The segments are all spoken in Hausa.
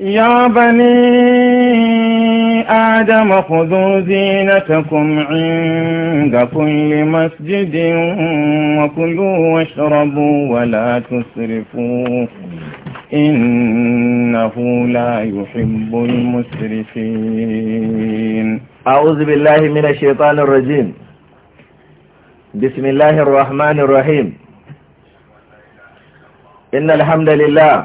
يا بني آدم خذوا زينتكم عند كل مسجد وكلوا واشربوا ولا تسرفوا إنه لا يحب المسرفين أعوذ بالله من الشيطان الرجيم بسم الله الرحمن الرحيم إن الحمد لله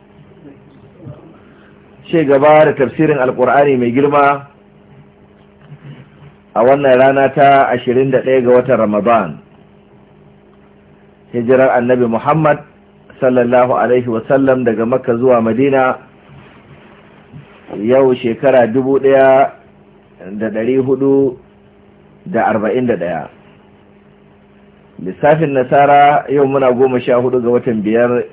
ce gaba da tafsirin alkur'ani mai girma a wannan rana ta 21 ga watan ramadan hijirar annabi muhammad sallallahu alaihi wasallam daga makka zuwa madina yau shekara 1441 lissafin nasara yau muna goma sha hudu ga watan biyar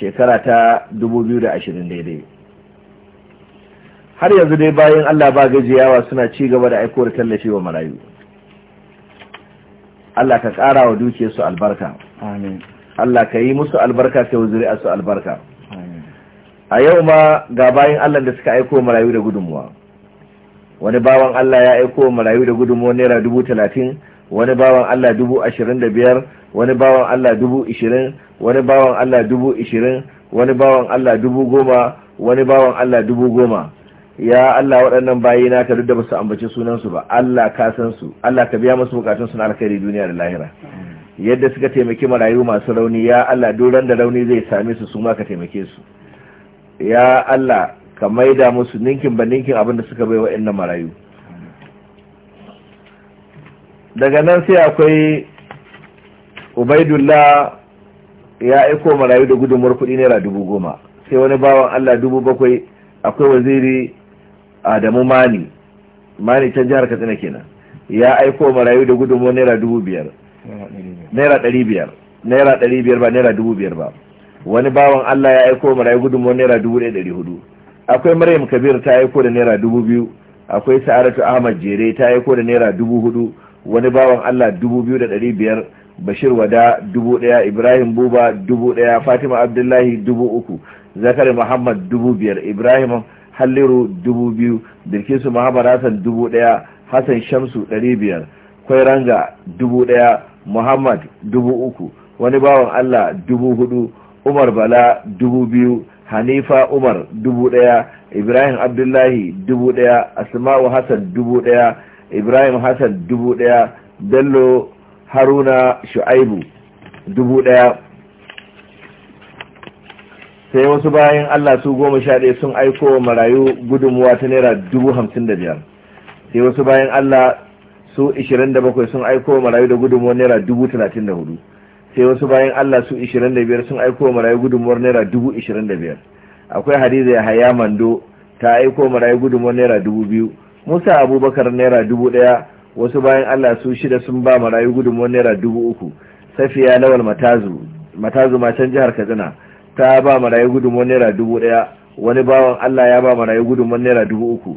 shekara ta 2020 daidai har yanzu dai bayan Allah ba gajiyawa suna ci gaba da aiko da tallafi wa marayu Allah ka ƙara wa su albarka amin Allah ka yi musu albarka ka yi su albarka a yau ma ga bayan Allah da suka aiko marayu da gudunmuwa wani bawan Allah ya aiko marayu da gudunmuwa naira dubu talatin wani bawan Allah dubu ashirin da biyar wani bawan Allah dubu ishirin wani bawan Allah dubu ishirin wani bawan Allah dubu goma wani bawan Allah dubu goma ya Allah waɗannan bayi na ka duk da basu ambaci sunansu ba Allah ka san su Allah ka biya musu bukatun su na alkhairi duniya da lahira yadda suka taimaki marayu masu rauni ya Allah duk da rauni zai same su su ma ka taimake su ya Allah ka maida musu ninkin ba ninkin abin da suka bai wa'annan marayu daga nan sai akwai ubaidullah ya aiko marayu da gudunmuwar kuɗi naira dubu goma sai wani bawan Allah dubu bakwai akwai waziri adamu mani mani can jihar katsina kenan ya aiko marayu da gudunmu naira dubu biyar naira ɗari biyar naira ɗari biyar ba naira dubu biyar ba wani bawan allah ya aiko marayu gudunmu naira dubu ɗaya ɗari hudu akwai maryam kabir ta aiko da naira dubu biyu akwai sa'aratu ahmad jere ta aiko da naira dubu hudu wani bawan allah dubu biyu da ɗari biyar bashir wada dubu ɗaya ibrahim buba dubu ɗaya fatima abdullahi dubu uku zakari muhammad dubu biyar ibrahim halliru dubu biyu bilkisu muhammad hassan dubu daya hassan shamsu dari biyar kwairanga dubu daya muhammad dubu uku wani bawan allah dubu hudu umar bala dubu biyu hanifa umar dubu daya ibrahim abdullahi dubu daya asma'u hassan dubu daya ibrahim hassan dubu daya bello haruna shu'aibu dubu daya. sai wasu bayan Allah su goma sha ɗaya sun aiko wa marayu gudunmuwa ta naira dubu hamsin da biyar sai wasu bayan Allah su ishirin da bakwai sun aiko wa marayu da gudunmuwa naira dubu talatin da hudu sai wasu bayan Allah su ishirin da biyar sun aiko wa marayu gudunmuwar naira dubu ishirin da biyar akwai hadiza ya haya mando ta aiko marayu gudunmuwar naira dubu biyu musa abubakar naira dubu ɗaya wasu bayan Allah su shida sun ba marayu gudunmuwar naira dubu uku safiya lawal matazu matazu ma can jihar katsina ta ba marayu gudunmuwar naira dubu ɗaya wani bawan Allah ya ba marayu gudunmuwar naira dubu uku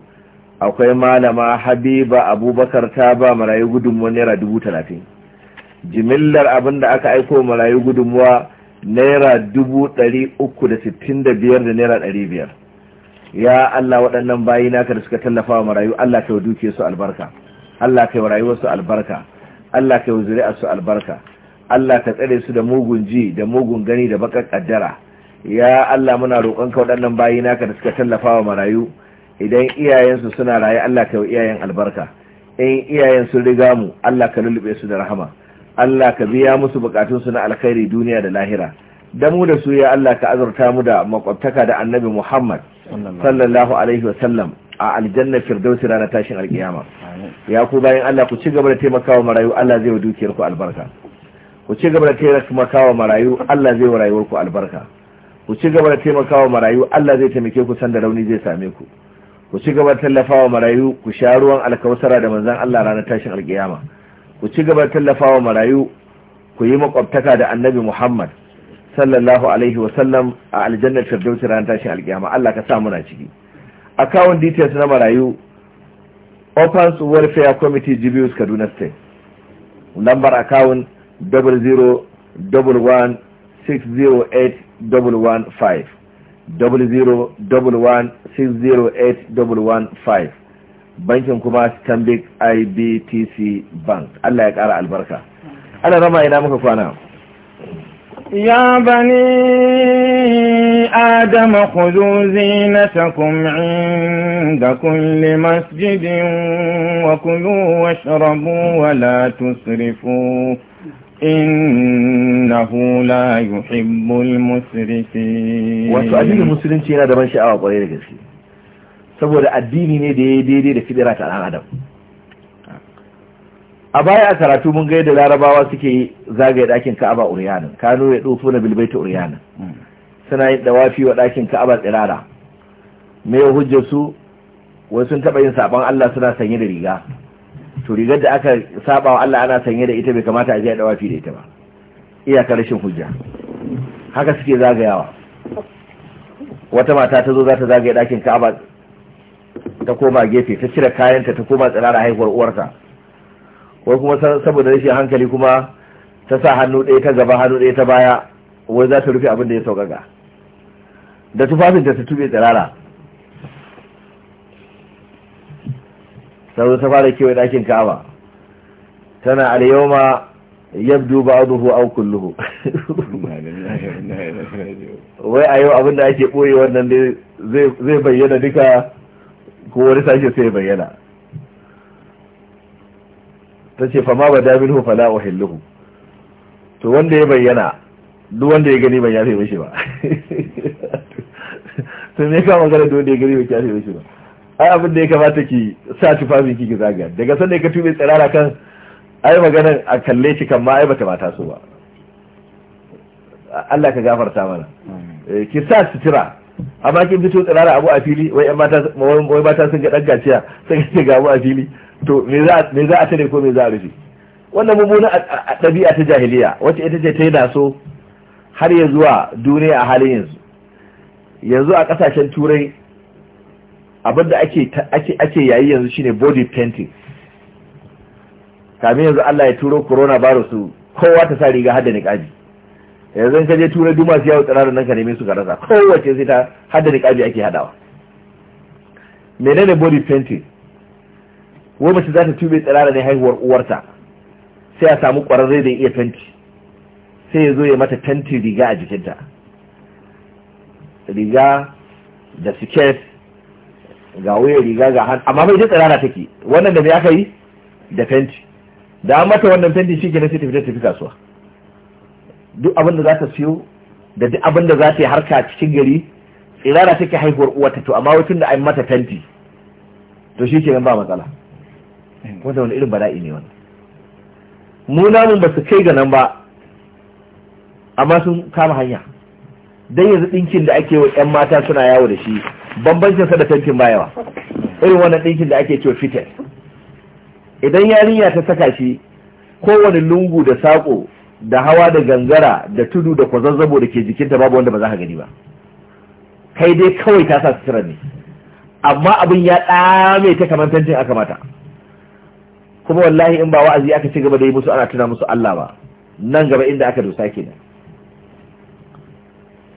akwai malama habiba abubakar ta ba marayu gudunmuwar naira dubu talatin jimillar abin da aka aiko marayu gudunmuwa naira dubu ɗari uku da sittin da biyar da naira ɗari biyar ya Allah waɗannan bayi naka da suka tallafa wa marayu Allah ka yi duke su albarka Allah ka yi rayuwarsu albarka Allah ka yi su albarka Allah ka tsare su da mugun ji da mugun gani da bakar kaddara ya Allah muna roƙonka waɗannan bayi naka da suka tallafa wa marayu idan iyayensu suna raye Allah ka yi iyayen albarka in iyayen sun riga mu Allah ka lulluɓe su da rahama Allah ka biya musu bukatunsu na alkhairi duniya da lahira da mu da su ya Allah ka azurta mu da makwabtaka da annabi Muhammad sallallahu alaihi wa sallam a aljanna firdausi ranar tashin alkiyama ya ku bayan Allah ku ci gaba da taimakawa marayu Allah zai wa dukiyar albarka ku ci gaba da taimakawa marayu Allah zai wa rayuwar ku albarka ku ci gaba da taimakawa marayu Allah zai taimake ku sanda rauni zai same ku ku ci gaba da tallafawa marayu ku sha ruwan alkawsara da manzon Allah ranar tashin alkiyama ku ci gaba da tallafawa marayu ku yi makwabtaka da annabi Muhammad sallallahu alaihi wasallam a aljannar firdausi ranar tashin alkiyama Allah ka sa muna ciki account details na marayu Opens Welfare Committee Jibius Kaduna State lambar akawun 0011 0106081515 bankin kuma stanbic ibtc bank Allah ya kara albarka ana rama ina muka kwana Ya bani Adam khudu zinatakum inda kulli masjidin wa kulu washrabu wa la tusrifu innahu la al musrifin wato addinin musulunci yana da ban sha'awa kwarai da gaske saboda addini ne da ya daidai da fidira ta dan adam a baya a karatu mun ga yadda larabawa suke zagaye dakin ka'aba uriyanin kano ya dofo na bilbaita uriyanin mm. suna yin dawafi wa dakin ka'aba tsirara me hujjar su wasu sun taba yin saban Allah suna sanye da riga to rigar da aka saba wa Allah ana sanye da ita bai kamata a je a dawafi da ita ba iyakar rashin hujja haka suke zagayawa wata mata ta zo za ta zagaye dakin Ka'aba ta koma gefe ta cire kayanta ta koma tsirara haihuwar uwarta wai kuma saboda rashin hankali kuma ta sa hannu ɗaya ta gaba hannu ɗaya ta baya wai za ta rufe abin da ya sauƙaƙa da tufafin tufafinta ta tube tsirara ta ta fara kewaye ɗakin ka'aba tana alyoma yabdu ba'dahu aw kulluhu wai a yau abinda ake boye wannan dai zai bayyana duka ko wani sashe sai bayyana ta ce fa ma da minhu fala uhilluhu to wanda ya bayyana duk wanda ya gani ban yafe mishi ba to me ka magana duk wanda ya gani ban yafe mishi ba ai abin da ya kamata ki sa tufafin ki zaga daga sanda ka tube tsirara kan ai maganar a kalle ki kan ma ai bata mata so ba Allah ka gafarta mana eh, ki sa sutura amma kin fito tsirara abu a fili wai yan mata wai mata sun ga dan gaciya sun ga ga abu a fili to me za me za a tare ko me za a rufe wannan mummuna ɗabi'a ta jahiliya wacce ita ce ta yi so har ya zuwa duniya a halin yanzu yanzu a ƙasashen turai abin da ake ake yayi yanzu shine body painting kamin yanzu Allah ya turo corona virus kowa ta sa riga hadda niqabi yanzu ka je tura duma su yawo tsirarin nan ka neme su ka rasa kowace sai ta hadda niqabi ake hadawa menene body painting wai mace za ta tube tsirara ne haihuwar uwarta sai a samu kwararre da iya fenti sai ya zo ya mata fenti riga a jikinta riga da siket ga wuyar riga ga hannu amma bai ji rana take wannan da me aka yi da fenti da an mata wannan fenti shi ke sai tafi tafi kasuwa duk abin da za ta siyo da duk abin da za ta yi harka cikin gari tsirara take haihuwar uwarta to amma wutun da an mata fenti to shi ke ba matsala wanda wani irin bala'i ne wannan mu namun ba su kai ga nan ba amma sun kama hanya dan yanzu dinkin da ake wa 'yan mata suna yawo da shi bambancin sa da tantin bayawa irin wannan ɗinkin da ake cewa fitel idan yarinya ta saka shi kowane lungu da sako, da hawa da gangara da tudu da kwazazzabo da ke jikinta babu wanda ba za ka gani ba kai dai kawai ta sa sutura ne amma abin ya ɗame ta kamar tantin aka mata kuma wallahi in ba wa'azi aka ci gaba da yi musu ana tuna musu Allah ba nan gaba inda aka dosa kenan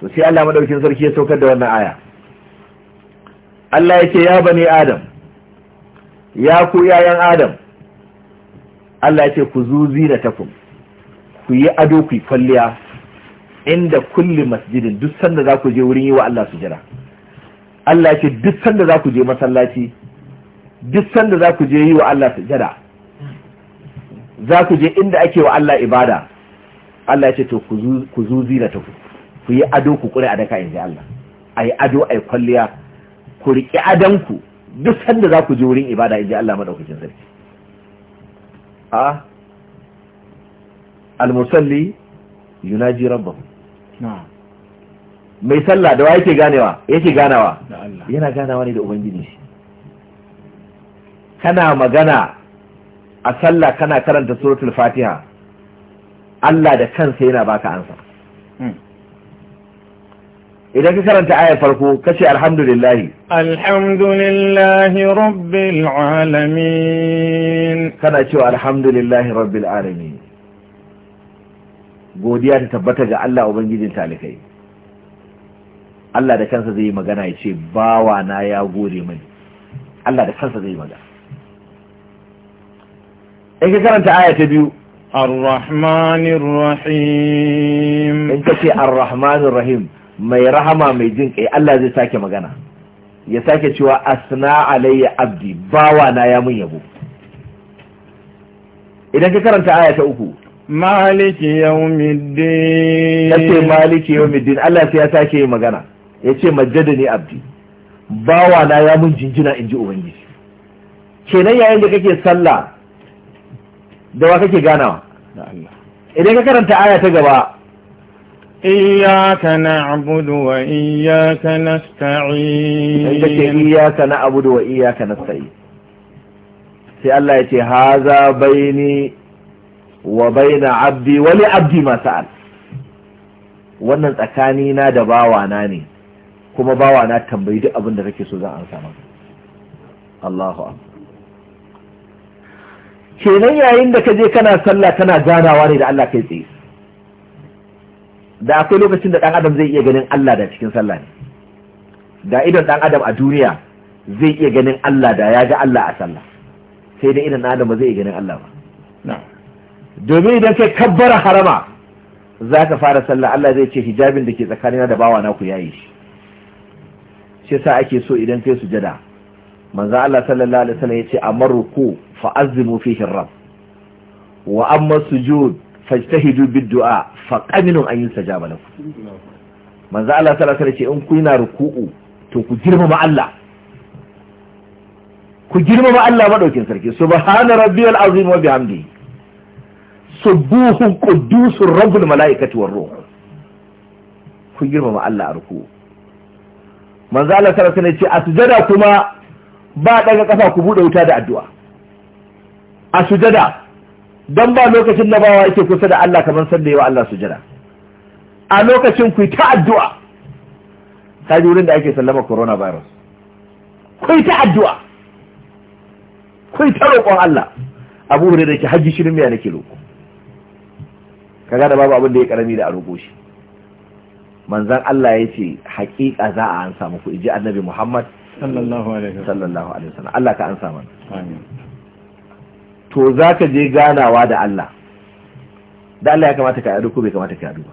to sai Allah madaukin sarki ya saukar da wannan aya Allah ya ce ya bani adam ya ku yayan adam Allah ya ce ku zuzi da takum ku yi ado ku kwalliya inda kulli masjidin duk sanda za ku je wurin yi wa Allah jira. Allah ya ce duk sanda za ku je masallaci duk sanda za ku je yi wa Allah jira, za ku je inda ake wa Allah ibada Allah ya ce to ku zuzi da takum ku yi ado ku kure a daka ji Allah ai ado ai kwalliya ku riƙe adanku duk sanda za ku je wurin ibada in ji Allah madaukakin sarki a almusalli yunaji rabbahu mai sallah da wa yake ganewa yake ganawa yana ganawa ne da ubangiji shi kana magana a sallah kana karanta suratul fatiha Allah da kansa yana baka ansa hmm. idan ka karanta ayar farko ka ce alhamdulillahi alhamdulillahi rabbil alamin kana cewa alhamdulillahi rabbil alamin godiya ta tabbata ga Allah ubangijin talikai Allah da kansa zai yi magana ya ce bawa na ya gode mani Allah da kansa zai yi magana in ka karanta aya ta biyu ar-rahmanir rahim in ka ce ar-rahmanir rahim mai rahama mai jin kai Allah zai sake magana ya sake cewa asna alayya abdi bawa na ya mun yabo idan ka karanta aya ta uku maliki yawmiddin yace maliki yawmiddin Allah sai ya sake magana yace majjadani abdi bawa na ya mun jinjina inji ubangiji kenan yayin da kake sallah da wa kake ganawa idan ka karanta aya ta gaba إياك نعبد وإياك نستعين إياك نعبد وإياك نستعين sai Allah ya ce haza baini wa baina abdi wali abdi masa'al wannan tsakani na da bawana ne kuma bawana tambayi duk abin da kake so zan an sama Allahu akbar kenan yayin da kaje kana sallah kana ganawa ne da Allah kai tsaye da akwai lokacin da ɗan adam zai iya ganin Allah da cikin sallah ne da idan ɗan adam a duniya zai iya ganin Allah da ya ga Allah a sallah sai dai idan adam zai iya ganin Allah ba domin idan kai kabbara harama za ka fara sallah Allah zai ce hijabin da ke tsakanina da bawa naku yayi shi shi sa ake so idan kai sujada manzo Allah sallallahu alaihi wasallam yace ku fa azimu fihi rabb wa amma sujud fajtahidu du'a fa qaminun an yustajaba lakum manzo Allah sallallahu alaihi wasallam ce in ku yana ruku'u to ku girmama Allah ku girmama Allah madaukin sarki subhana rabbiyal azim wa bihamdihi subuhun quddusur rabbul malaikati war ruh ku girmama Allah a ruku'u manzo Allah sallallahu alaihi wasallam ce a sujada kuma ba daga kafa ku bude wuta da addu'a a sujada don ba lokacin na bawa yake kusa da Allah kamar sanda yawa Allah su jira a lokacin ku ta addu'a ta wurin da ake sallama coronavirus ku ta addu'a ku ta roƙon Allah abu hure da ke hajji shirin miya nake roƙo ka gada babu abin da ya karami da a roƙo shi manzan Allah ya ce haƙiƙa za a an samu ku inji annabi Muhammad sallallahu alaihi wasallam Allah ka an samu amin to za ka je ganawa da Allah da Allah ya kamata ka yadu ko bai kamata ka yadu ba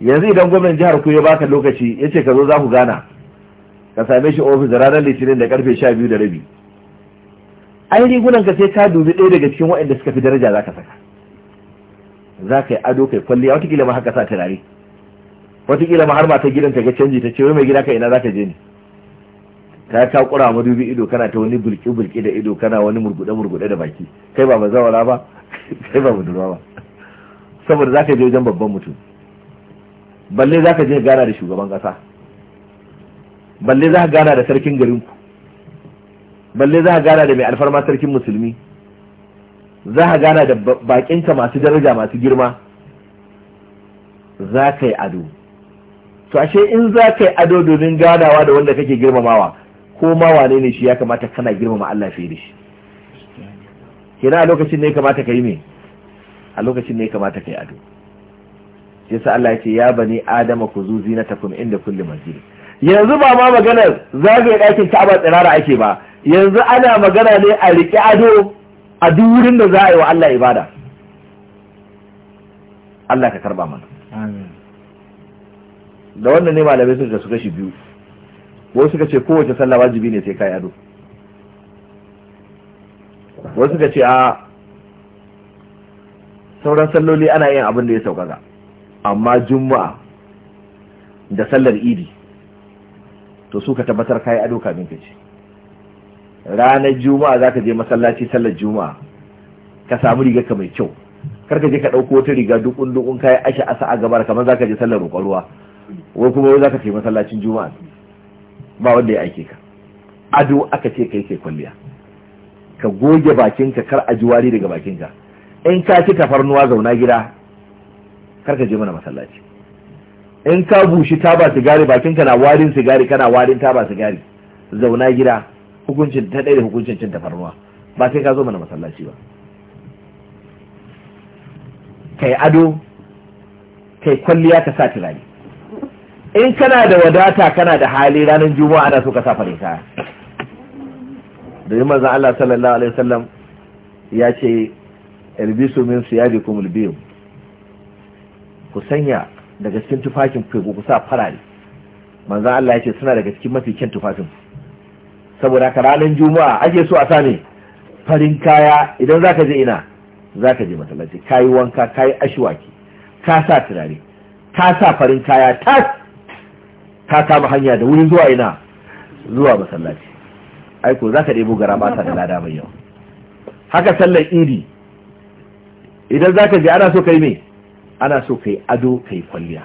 yanzu idan gwamnan jihar ku ya baka lokaci ya ce ka zo za ku gana ka same shi ofis da ranar litinin da karfe sha biyu da rabi ai rigunan ka sai ka dubi ɗaya daga cikin waɗanda suka fi daraja za ka saka za ka yi ado kai kwalliya kila ma haka sa turare kila ma har ta gidan ta ga canji ta ce wai mai gida ka ina za ka je ni ka ta kura madubi ido kana ta wani bulki bulki da ido kana wani murgude murgude da baki kai ba bazawara ba kai ba budurwa ba saboda zaka je wajen babban mutum balle zaka je gana da shugaban kasa balle za ka gana da sarkin garinku balle za ka gana da mai alfarma sarkin musulmi za ka gana da bakinka masu daraja masu girma za ka yi ado to ashe in za ka yi ado domin ganawa da wanda kake girmamawa ko ma wane ne shi ya kamata kana girmama Allah fiye da shi kina a lokacin ne ya kamata ka yi me a lokacin ne ya kamata ka yi ado sa Allah ya ce ya bani adama ku zu zinatakum inda kulli masjid yanzu ba ma maganar zagaye ɗakin Ka'aba tsirara ake ba yanzu ana magana ne a riƙe ado a duk wurin da za a yi wa Allah ibada Allah ka karba mana da wannan ne malamai sun da su kashi biyu wasu suka ce kowace sallah wajibi ne sai kai ado wasu suka ce a sauran salloli ana yin abin da ya saukaka amma juma'a da sallar idi to suka tabbatar kai ado kamin ka ce ranar juma'a za ka je masallaci sallar juma'a ka samu rigar ka mai kyau kar ka je ka ɗauko wata riga dukkan ka kayan ashe asa a gabar kamar za ka je sallar roƙon ruwa wai kuma wai za ka je masallacin juma'a ba wanda ya aike ka ado aka ce kai kai kwalliya ka goge bakinka kar a juwari daga bakinka in ka ci tafarnuwa zauna gida kar ka je mana masallaci in ka bushi taba sigari bakinka na warin sigari kana warin taba sigari zauna gida hukuncin ta ɗaya hukuncin cin tafarnuwa ba sai ka zo mana masallaci ba kai ado kai kwalliya ka sa tunani in kana da wadata kana da hali ranar juma'a ana so ka sa farin kaya domin manzon Allah sallallahu alaihi wasallam ya ce ilbisu min siyadikum albiyu ku sanya daga cikin tufafin ku ku sa farare Manzan Allah ya ce suna daga cikin mafi kyan tufafin saboda ka ranar juma'a ake so a sani farin kaya idan zaka je ina zaka je masallaci kayi wanka kayi ashwaki ka sa turare ka sa farin kaya tas ta kama hanya da wurin zuwa ina zuwa masallaci aiko za ka ɗebo gara mata da lada mai yau haka sallar idi idan za ka ji ana so kai me ana so kai ado kai kwalliya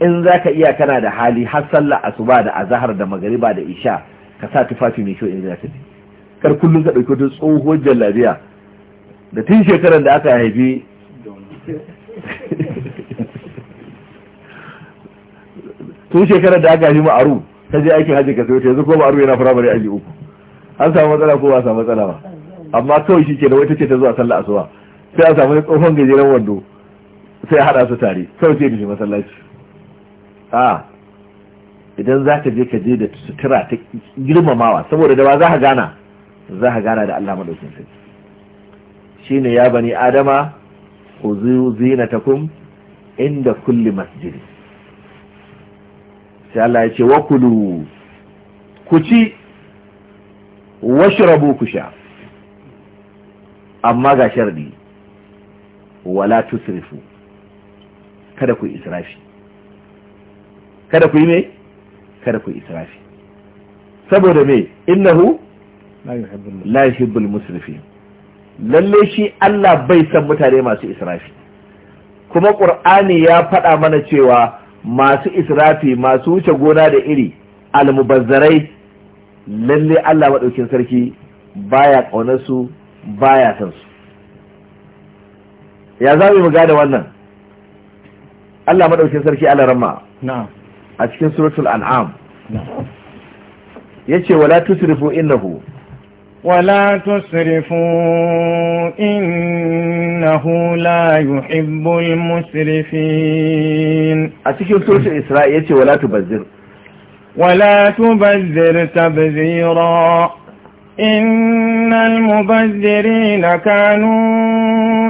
in za ka iya kana da hali har sallar asuba da azahar da magariba da isha ka sa tufafi mai kyau in za ka kar kullum ka ɗauki wata tsohuwar jallabiya da tun shekarar da aka haifi tun shekarar da aka yi aru ta je aikin hajji ka sayo ta yanzu ko ba aru yana firamare aji uku an samu matsala ko ba samu matsala ba amma kawai shi ke da wata ce ta zuwa sallah asuwa sai a samu tsohon gajeren wando sai a haɗa su tare kawai sai tafi masallaci a idan za ka je ka je da sutura ta girmamawa saboda da ba za ka gana za ka gana da Allah madaukin shi shine ya bani adama ku zinatakum inda kulli masjidin. sai Allah ya ce wa ku ci washrabu ku sha amma ga shardi wala tusrifu kada ku israfi kada ku yi me kada ku israfi saboda me innahu la yuhibbul musrifin lalle shi Allah bai san mutane masu israfi kuma qur'ani ya faɗa mana cewa masu israfi masu wuce gona da iri almubazzarai lalle Allah maɗaukin sarki baya ƙaunar su baya san su ya za mu gane wannan Allah maɗaukin sarki Allah rama a cikin suratul an'am yace wala tusrifu innahu ولا تسرفوا إنه لا يحب المسرفين أتكي سورة إسرائيل ولا تبذر ولا تبذر تبذيرا إن المبذرين كانوا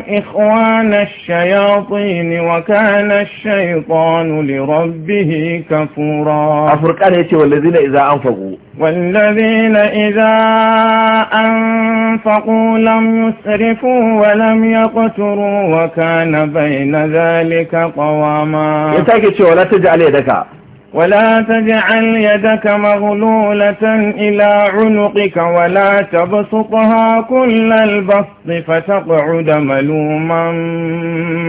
إخوان الشياطين وكان الشيطان لربه كفورا أفرقان يتي والذين إذا أنفقوا والذين إذا أنفقوا لم يسرفوا ولم يقتروا وكان بين ذلك قواما يتاكي ولا تجعل يدك ولا تجعل يدك مغلولة إلى عنقك ولا تبسطها كل البسط فتقعد ملوما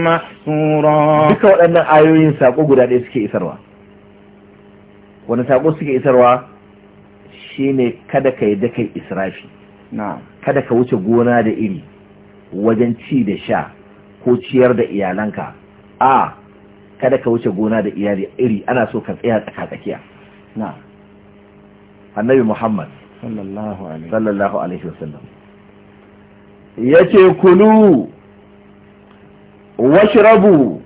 محسورا duka waɗannan ayoyin saƙo guda ɗaya suke isarwa wani saƙo suke isarwa shine kada ka yadda kai israfi kada ka wuce gona da iri wajen ci da sha ko ciyar da iyalanka a kada ka wuce gona da iyali iri ana so ka tsaya tsaka tsakiya na annabi muhammad sallallahu alaihi wasallam yace kulu washrabu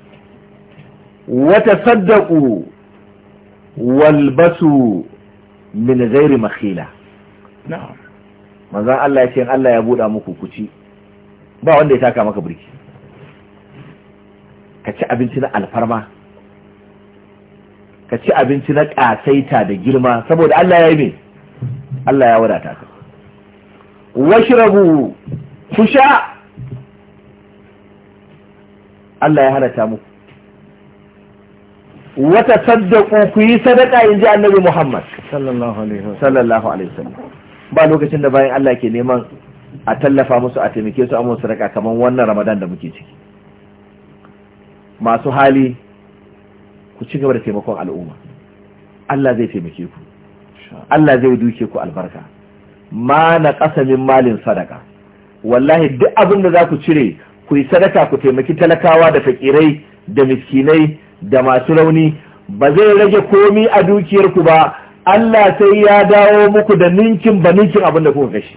watasaddaqu walbasu min ghairi makhila na'am manzon Allah yace Allah ya buda muku kuci ba wanda ya taka maka birki. ka ci abinci na alfarma ka ci abinci na ƙasaita da girma saboda Allah ya yi me Allah ya wadata ka rabu, ku sha Allah ya halatta muku wata saddaku ku yi sadaka in ji annabi Muhammad sallallahu alaihi wasallam ba lokacin da bayan Allah ke neman a tallafa musu a taimake su a musu sadaka kamar wannan Ramadan da muke ciki masu hali ku ci gaba da taimakon al'umma Allah zai taimake ku Allah zai duke ku albarka ma na kasamin malin sadaka wallahi duk abin da za ku cire ku yi sadaka ku taimaki talakawa da fakirai da miskinai da masu rauni ba zai rage komi a dukiyarku ba Allah sai ya dawo muku da ninkin ba ninkin abin da kuka kashi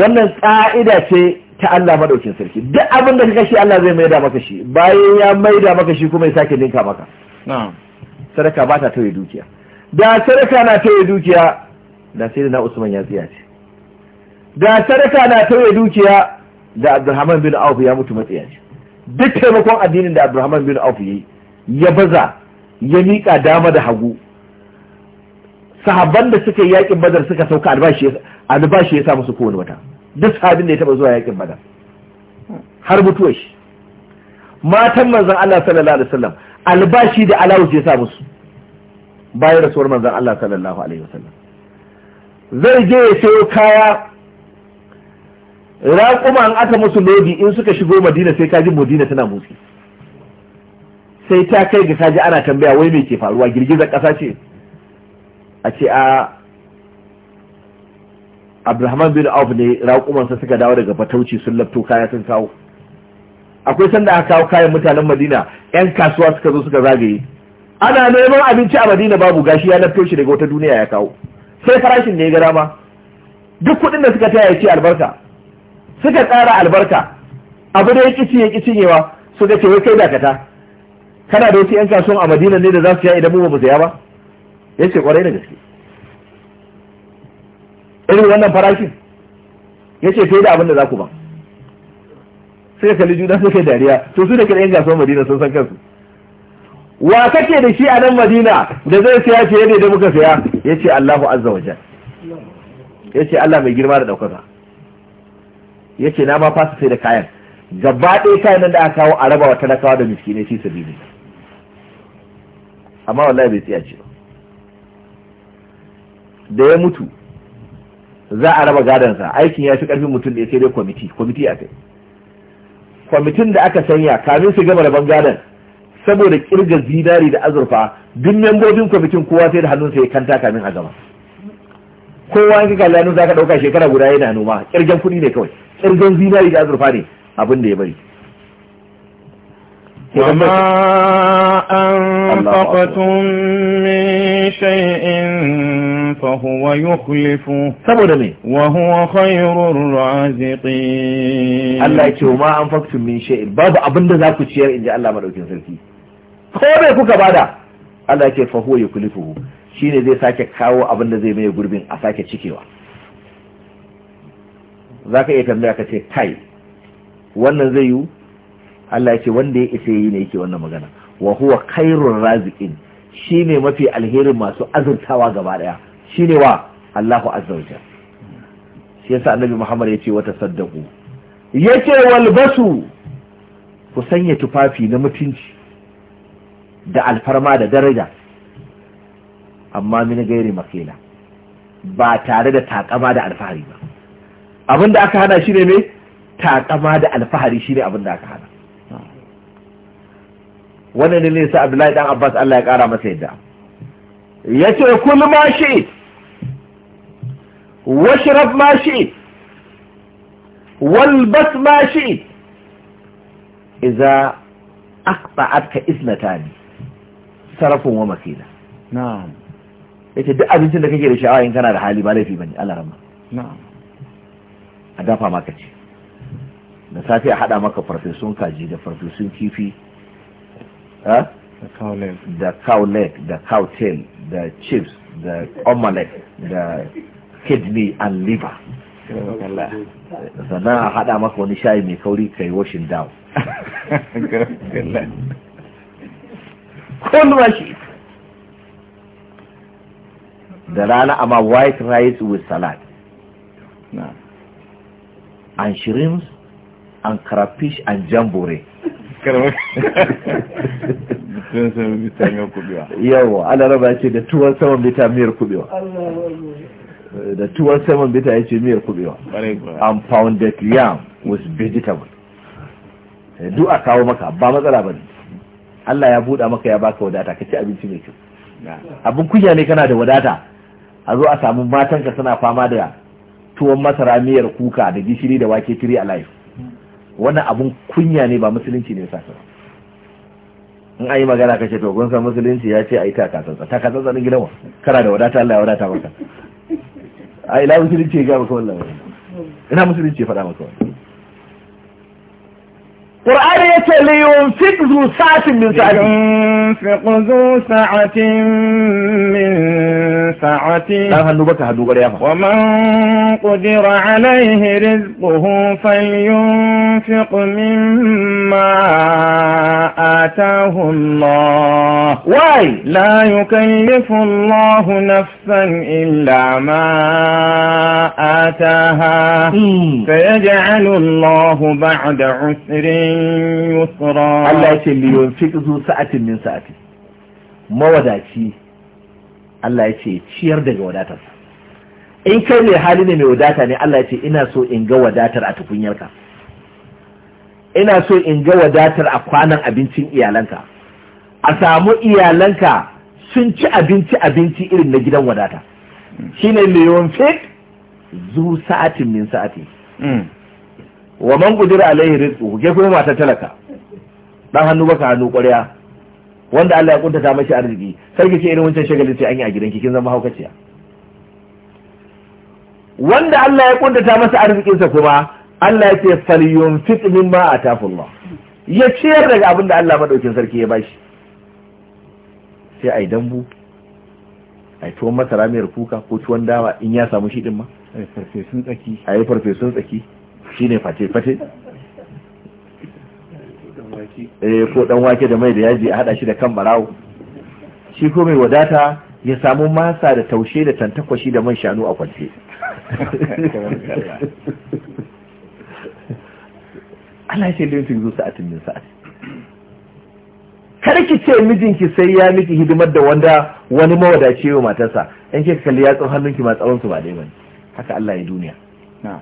wannan ƙa'ida ce ta Allah madaukin sarki duk abin da ka kashe Allah zai maida maka shi bayan ya maida maka shi kuma ya sake dinka maka sadaka ba ta tauye dukiya da sadaka na tauye dukiya da sai na Usman ya tsaya ce da sadaka na tauye dukiya da Abdurrahman bin Auf ya mutu matsaya ce duk taimakon addinin da Abdurrahman bin Auf yayi ya baza ya miƙa dama da hagu sahabban da suka yi yakin badar suka sauka albashi ya sa musu kowane wata duk abin da ya taba zuwa yakin badar har mutuwa shi matan manzan Allah sallallahu alaihi wasallam albashi da alawus ya sa musu bayan rasuwar manzan Allah sallallahu alaihi wasallam zai je ya sayo kaya raƙuma an aka musu lodi in suka shigo madina sai kaji madina tana motsi sai ta kai ga kaji ana tambaya wai me ke faruwa girgizar ƙasa ce a ce a abdulrahman bin auf ne raƙumansa suka dawo daga fatauci sun lafto kaya sun kawo akwai sanda aka kawo kayan mutanen madina yan kasuwa suka zo suka zagaye ana neman abinci a madina babu gashi ya lafto shi daga wata duniya ya kawo sai farashin ne ya gara ma duk kuɗin da suka taya ya ce albarka suka tsara albarka abu da ya kici ya kici cinyewa suka ce wai kai dakata kana da wasu yan kasuwan a madina ne da za su ya idan mu ba mu saya ba ya ce kwarai da gaske irin wannan farashin ya ce fiye da abin da za ku ba sai kalli juna suka dariya to su da kiran gasuwar madina sun san kansu wa kake da shi a nan madina da zai siya fiye da da muka siya ya ce allahu azza wa jal ya ce allah mai girma da ɗaukaka ya ce na ma fasa sai da kayan gaba ɗaya kayan nan da aka kawo a raba wa talakawa da shi sabi ne amma wallahi bai tsiya ce da ya mutu za a raba gadonsa aikin ya fi karfin mutum da ya sai dai kwamiti kwamiti a kai kwamitin da aka sanya kamin su gama raban gadon saboda kirga zinari da azurfa duk membobin kwamitin kowa sai da hannunsa ya kanta kamin a gama kowa in ka kalli za ka ɗauka shekara guda yana noma kirgen kuɗi ne kawai kirgan zinari da azurfa ne abin da ya bari وما أنفقتم من شيء فهو يخلفه saboda me wa huwa khairur raziqin Allah ya ce ma an faktu min shay'in babu abinda za ku ciyar inji Allah madaukin sarki ko bai kuka bada Allah ya ce fa huwa yukhlifuhu shine zai sake kawo abin da zai mai gurbin a sake cikewa zaka iya tambaya ka ce kai wannan zai yi Allah ya ce wanda ya isa yi ne yake wannan magana wa huwa khairur raziqin shine mafi alherin masu azurtawa gaba daya shine wa Allahu azza wajal shi yasa annabi Muhammad wata wa tasaddaqu yace wal basu ku sanya tufafi na mutunci da alfarma da daraja amma min gairi makila ba tare da takama da alfahari ba abinda aka hana shine me takama da alfahari shine abinda aka hana wannan ne sa Abdullahi dan Abbas Allah ya kara masa yadda yace kul ma shi'it واشرب ما شئت والبس ما شئت إذا أقطعتك إثنتان سرف ومكينة نعم yace duk abincin da kake da sha'awa in kana da hali ba laifi bane Allah rahma na'am a dafa maka ce da safe a hada maka farfesun kaji da farfesun da cow leg da cow tail da chips da omelette da kidney and liver sannan a haɗa maka wani shayi mai kauri kai washing down kun rashi da rana amma white rice with salad and shrimps and crayfish and jambore yawa ana raba ce da tuwon saman bitamiyar kubewa da saman bita ya ce miyar kubewa and pounded yam with vegetable eh, duk a kawo maka ba matsala ba Allah ya buɗa maka ya baka wadata ka ci abinci mai kyau abin kunya ne kana da wadata a zo a samu matanka suna fama da tuwon masara miyar kuka da gishiri da wake tiri a life wannan abin kunya ne ba musulunci ne sa in ayi magana kace to kun san musulunci ya ce ayi ta kasantsa ta kasantsa din gidan wa kana da wadata Allah ya wadata maka a ina musulunci ya ga maka wannan ina musulunci ya faɗa maka wannan Qur'ani ya ce li yunfiq zuwa sa'atin min sa'ati sa'atin سعته ومن قدر عليه رزقه فلينفق مما آتاه الله واي لا يكلف الله نفسا إلا ما آتاها سيجعل الله بعد عسر يسرا الله يتلي ينفق ذو سعة من سعته mawadaci Allah ya ce ciyar daga wadatarsa in kai mai hali ne mai wadata ne Allah ya ce ina so in ga wadatar a tukunyarka ina so in ga wadatar a kwanan abincin iyalanka a samu iyalanka sun ci abinci abinci irin na gidan wadata shine leon fit zu sa'atin min sa'ati mm. wa man qudira alaihi rizquhu ke kuma mata talaka dan hannu baka hannu ƙwarya wanda Allah ya kuntata mashi arziki sai ki ce irin wancan shagalin sai an yi a gidanki kin zama haukaciya wanda Allah ya kuntata masa sa kuma Allah ya ce falyunfiq mimma atafu Allah ya ciyar daga abin da Allah madaukin sarki ya bashi sai ai dambu ai tuwon masara mai kuka ko tuwon dawa in ya samu shi din ma ai farfesun tsaki ai farfesun tsaki shine fate fate Eh, ko dan wake da mai da yaji a hada shi da kan barawo shi ko mai wadata ya samu masa da taushe da tantakwashi da man shanu a kwance Allah ya da yin zuwa sa'atin min sa'ati kar ki ce mijinki sai ya miki hidimar da wanda wani mawadaci wa matarsa yanke ka kalli yatsun hannunki ma tsawon su ba dai bane haka Allah ya duniya na'am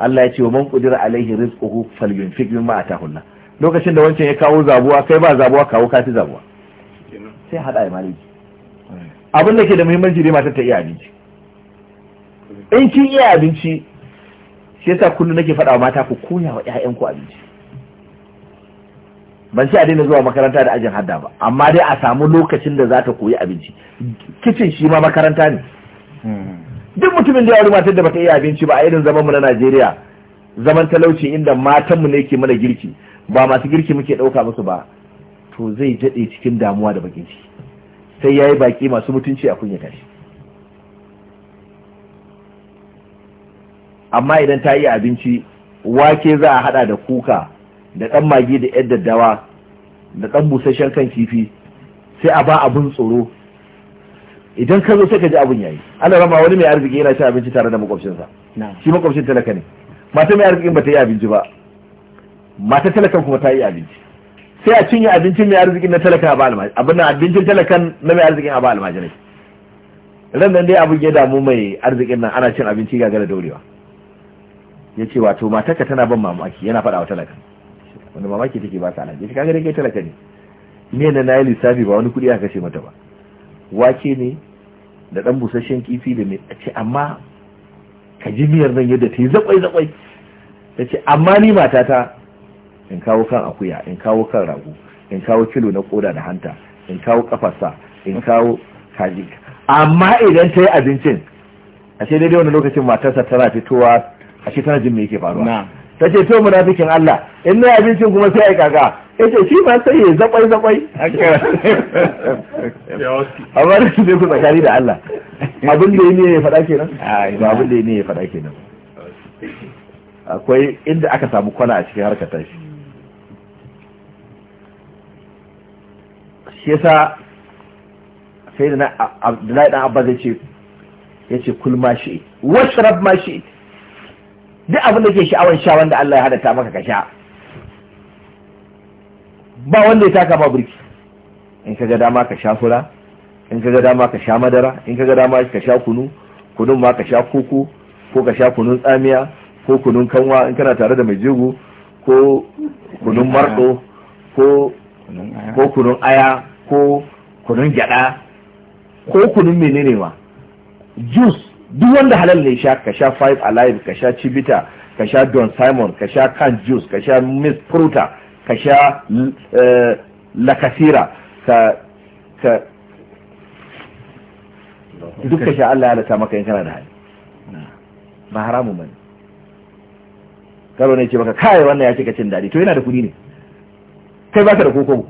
Allah ya ce wa man kudira alaihi rizquhu falyunfiq mimma atahullah lokacin da wancan ya kawo zabuwa kai ba zabuwa kawo ka ci zabuwa sai hada ya maliki abin da ke da muhimmanci dai matar ta iya abinci in kin iya abinci sai sa kullum nake faɗa wa mata ku koya wa ƴaƴanku abinci ban sai a daina zuwa makaranta da ajin hadda ba amma dai a samu lokacin da za ta koyi abinci kicin shi ma makaranta ne hmm. duk mutumin da ya auri matar da bata iya abinci ba a irin zaman mu na Najeriya zaman talauci inda matan mu ne ke mana girki ba masu girki muke dauka musu ba to zai jade cikin damuwa da bakin shi sai yayi baki masu mutunci a kunya kare. amma idan ta yi abinci wake za a hada da kuka da dan magi da yar daddawa da dan busasshen kan kifi sai a ba abun tsoro idan ka zo sai ka ji abun yayi ana rama wani mai arziki yana cin abinci tare da makwabcinsa shi makwabcin talaka ne mata mai arzikin ba ta yi abinci ba mata talakan kuma ta yi abinci sai a cinye abincin mai arzikin na talaka ba almajirai abin na abincin talakan na mai arzikin a ba almajirai ran nan dai abin ya damu mai arzikin nan ana cin abinci gagara daurewa ya ce wato matarka tana ban mamaki yana faɗa wa talaka wanda mamaki take ba ka alhaji kaga dai kai talaka ne ne na yi lissafi ba wani kuɗi aka ce mata ba wake ne da ɗan busasshen kifi da mai ce amma ka ji miyar nan yadda ta yi zaɓai zaɓai ta ce amma ni matata in kawo kan akuya in kawo kan rago in kawo kilo na koda da hanta in kawo kafasa in kawo kaji amma idan ta yi abincin a ce daidai wani lokacin matarsa tana fitowa a ce tana jin me yake faruwa ta ce to munafikin Allah in na abincin kuma sai ai kaga yace shi ma sai ya zaɓai a ba da shi ku tsakani da Allah abin da ne ya faɗa kenan ba abin da ya ne ya faɗa kenan akwai inda aka samu kwana a cikin harkar tashi shi yasa sai da Abdullahi dan Abba zai ce yace kul ma shi washrab ma shi duk abin da ke sha'awar sha wanda Allah ya hada ta maka ka sha ba wanda ya taka ma birki in ka ga dama ka sha fura in ka ga dama ka sha madara in ka ga dama ka sha kunu kunun ma ka sha koko ko ka sha kunun tsamiya ko kunun kanwa in kana tare da mai jigo ko kunun marɗo ko kunun aya ko kunun gyada ko kunun menene ma juice duk wanda halal ne sha ka sha five alive ka sha chibita ka sha don simon ka sha can juice ka sha miss fruta ka sha eh, lakasira ka ka duk ka sha Allah ya lata maka in kana da hali ba haramun bane karo ne ce maka kai wannan ya ce ka cin dadi to yana da kudi ne kai ba ka da koko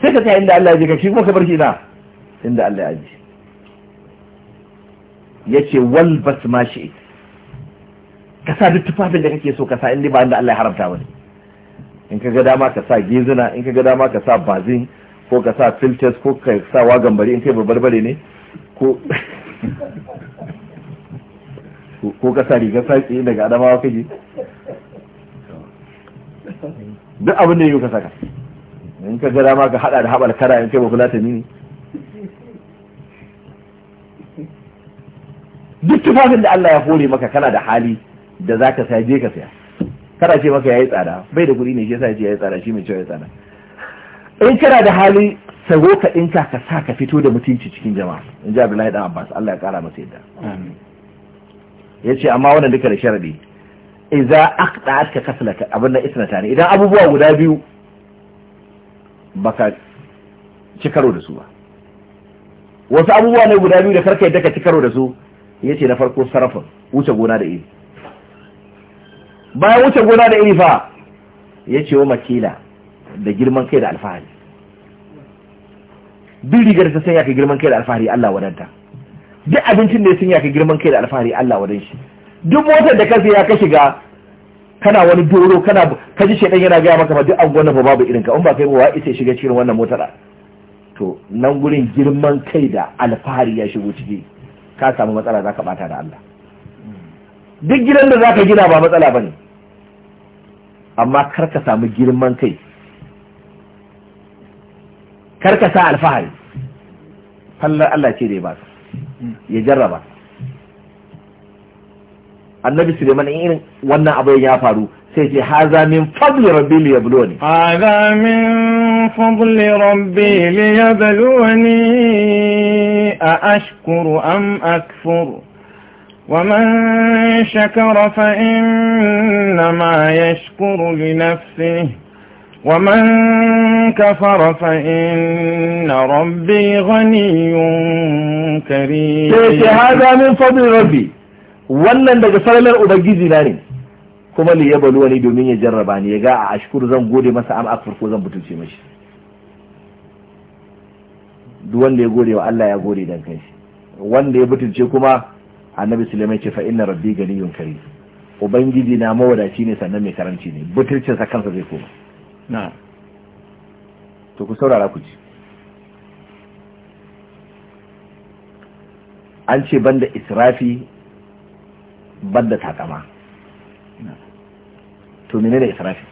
sai ka tsaya inda Allah ya ji ka shi kuma ka bar shi na inda Allah ya ji yace wal basma shi ka sa duk tufafin da kake so ka sa inda ba inda Allah ya haramta bane in ka ga dama ka sa gizina in ka ga dama ka sa bazin ko ka sa filters ko ka sa wagon bari in kai barbare ne ko ko ka sa rigar saki daga adamawa kaji duk abin da yau ka saka in ka ga dama ka hada da habar kara in kai ba kula ta ne duk tufafin da Allah ya hore maka kana da hali da za ka saya je ka saya kada ce maka yayi tsada bai da kuɗi ne shi yasa ya yayi tsada shi mai cewa yayi tsada in kana da hali sago ka dinka ka sa ka fito da mutunci cikin jama'a in ji abdullahi dan abbas allah ya kara masa yadda ya ce amma wannan duka da sharadi idza aqta ka kaslaka abin da isnata ne idan abubuwa guda biyu baka ci karo da su ba wasu abubuwa ne guda biyu da karka yadda ka ci karo da su yace na farko sarafin wuce gona da iri bayan wuce gona da iri fa ya ce wa makila da girman kai da alfahari duk rigar ta sanya ka girman kai da alfahari Allah wadanta duk abincin da ya sanya ka girman kai da alfahari Allah wadan shi duk motar da ka ya ka shiga kana wani doro kana ka ji shedan yana gaya maka ma duk anguwan fa babu irin ka in ba kai ba isa shiga cikin wannan motar to nan gurin girman kai da alfahari ya shigo ciki ka samu matsala zaka bata da Allah duk gidan da zaka gina ba matsala bane amma karka samu girman kai kar sa alfahari fallar Allah ce da ya ba ya jarraba annabi suleiman in irin wannan abu ya faru sai ce haza min fadli rabbi li yabluni haza min fadli rabbi li a ashkuru am akfuru ومن شكر فإنما يشكر لنفسه ومن كفر فإن ربي غني كريم هذا من فضل ربي wannan daga falalar ubangiji na ne kuma li ya baluwa ne domin ya jarraba ni ya ga a ashkur zan gode masa am akfur ko zan butulce mashi duk wanda ya gode wa Allah ya gode dan kai wanda ya butulce kuma annabi sulaiman ce fa inna rabbi ganiyun karim ubangiji na mawadaci ne sannan mai karanci ne butulcin sa kansa zai koma na to ku saurara ku ji an ce banda israfi banda takama to menene israfi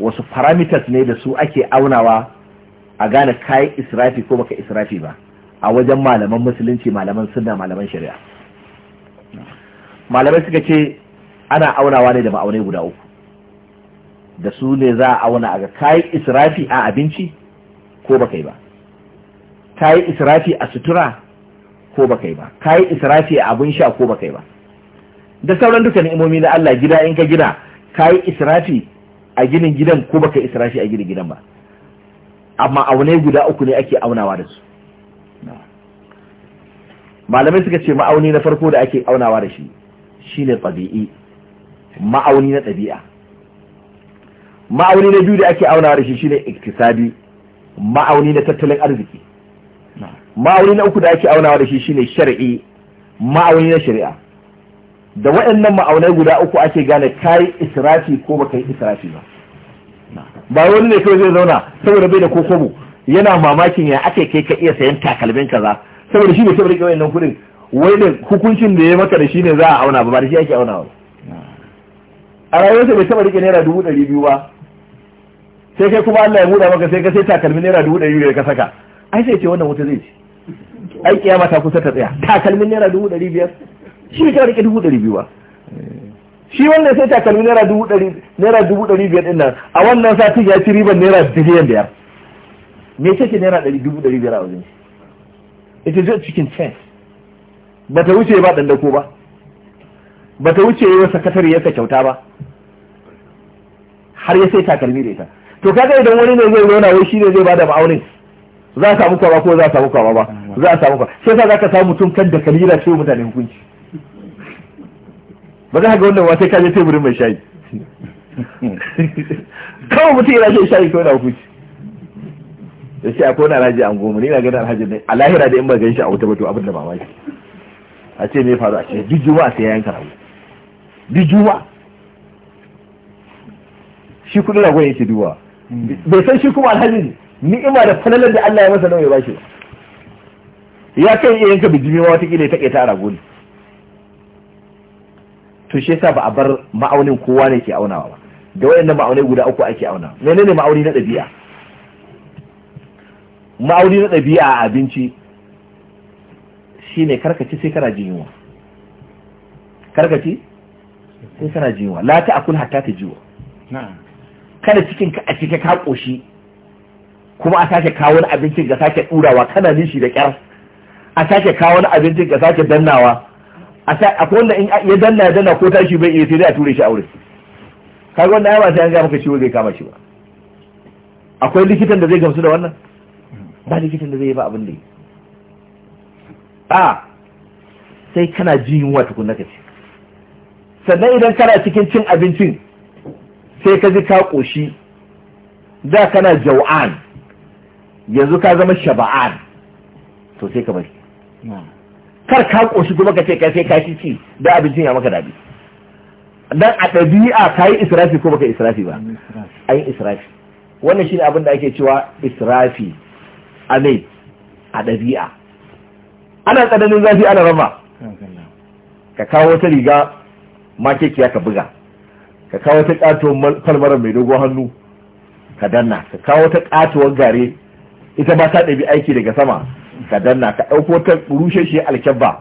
wasu parameters ne da su ake aunawa a gane kai israfi ko baka israfi ba a wajen malaman musulunci malaman sunna malaman shari'a malamai suka ce ana aunawa ne da ma'aunai guda uku da su ne za a auna a ga kayi israfi a abinci ko ba kai ba kayi israfi a sutura ko ba kai ba kayi israfi a abin sha ko ba kai ba da sauran duka ni'imomi na Allah gida in ka gina kayi israfi a ginin gidan ko kai israfi a ginin gidan ba amma aune guda uku ne ake aunawa da su malamai suka ce ma'auni na farko da ake aunawa da shi Shi ne tabi'i ma'auni na ɗabi'a ma'auni na biyu da ake auna da shi ne iktisadi ma'auni na tattalin arziki ma'auni na uku da ake auna da shi ne shari'i ma'auni na shari'a da waɗannan ma'aunai guda uku ake gane kai israfi ko ba yi israfi ba ba wani ne kawai zai zauna saboda bai da kobo yana mamakin ya ake kai ka iya sayan takalmin kaza saboda shi ne saboda kawai nan kudin wai da hukuncin da ya maka da shi ne za a auna ba ba da shi ake auna ba a rayuwarsa bai taba rike naira dubu ɗari biyu ba sai kai kuma Allah ya buɗa maka sai ka sai takalmi naira dubu ɗari biyu ka saka ai sai ce wannan wuta zai ce ai kiyama ta kusa ta tsaya takalmin naira dubu ɗari biyar shi bai kawai rike dubu ɗari biyu ba shi wannan sai takalmi naira dubu ɗari naira dubu ɗari biyar ɗin nan a wannan satin ya ci riban naira biliyan biyar me ce ke naira dubu ɗari biyar a wajen shi ita zai cikin chance bata wuce ba dandako ba bata wuce yi wasa kasar yasa kyauta ba har ya sai takalmi da ita to kaga idan wani ne zai zauna wai shi ne zai bada ma'aunin za a samu kwaba ko za a samu kwaba ba za a samu kwaba sai sa za ka samu mutum kan da kalila ce mutane hukunci ba za ka ga wannan wata kaje teburin mai shayi kawai mutum yana shan shayi ko na hukunci da shi ko na raji an goma ni na gani alhaji ne a lahira da in ba gan shi a wuta ba to abin da mamaki a ce me faru a ce duk juma'a sai ya yanka rago duk juma'a shi kudin rago yake duba bai san shi kuma alhaji ni'ima da falalar da Allah ya masa nawa ya shi ba ya kai iya yanka bijimi ma wata kila ta kaita a rago ne to shi yasa ba a bar ma'aunin kowa ne ke aunawa ba da wayannan ma'aunai guda uku ake auna menene ma'auni na ɗabi'a ma'auni na ɗabi'a a abinci ne karkaci sai kana jin yunwa karkaci sai kana jin yunwa lati akul hatta ta jiwa kada cikin ka a cike ka koshi kuma a sake kawo wani abincin ga sake durawa kana nishi da kyar a sake kawo wani abincin ga sake dannawa akwai wanda in ya danna ya danna ko tashi bai iya sai dai a ture shi aure kaga wanda ya ba sai an ga maka ciwo zai kama shi ba akwai likitan da zai gamsu da wannan ba likitan da zai yi ba abin da yi a sai kana jin yunwa tukuna ka ce sannan idan kana cikin cin abincin sai ka ji ka ƙoshi da kana jau'an yanzu ka zama shaba'an to sai ka bari kar ka ƙoshi kuma ka ce ka sai ka ci ci da abincin ya maka dabi dan a ɗabi'a ka yi israfi ko baka israfi ba a yi israfi wannan shine abin da ake cewa israfi a mai a ɗabi'a ana tsananin zafi ana rama ka kawo wata riga makekiya ka buga ka kawo wata katuwar falmarar mai dogon hannu ka danna ka kawo wata katuwar gare ita ba ta ɗabi aiki daga sama ka danna ka ɗauko wata rushe shi alkyabba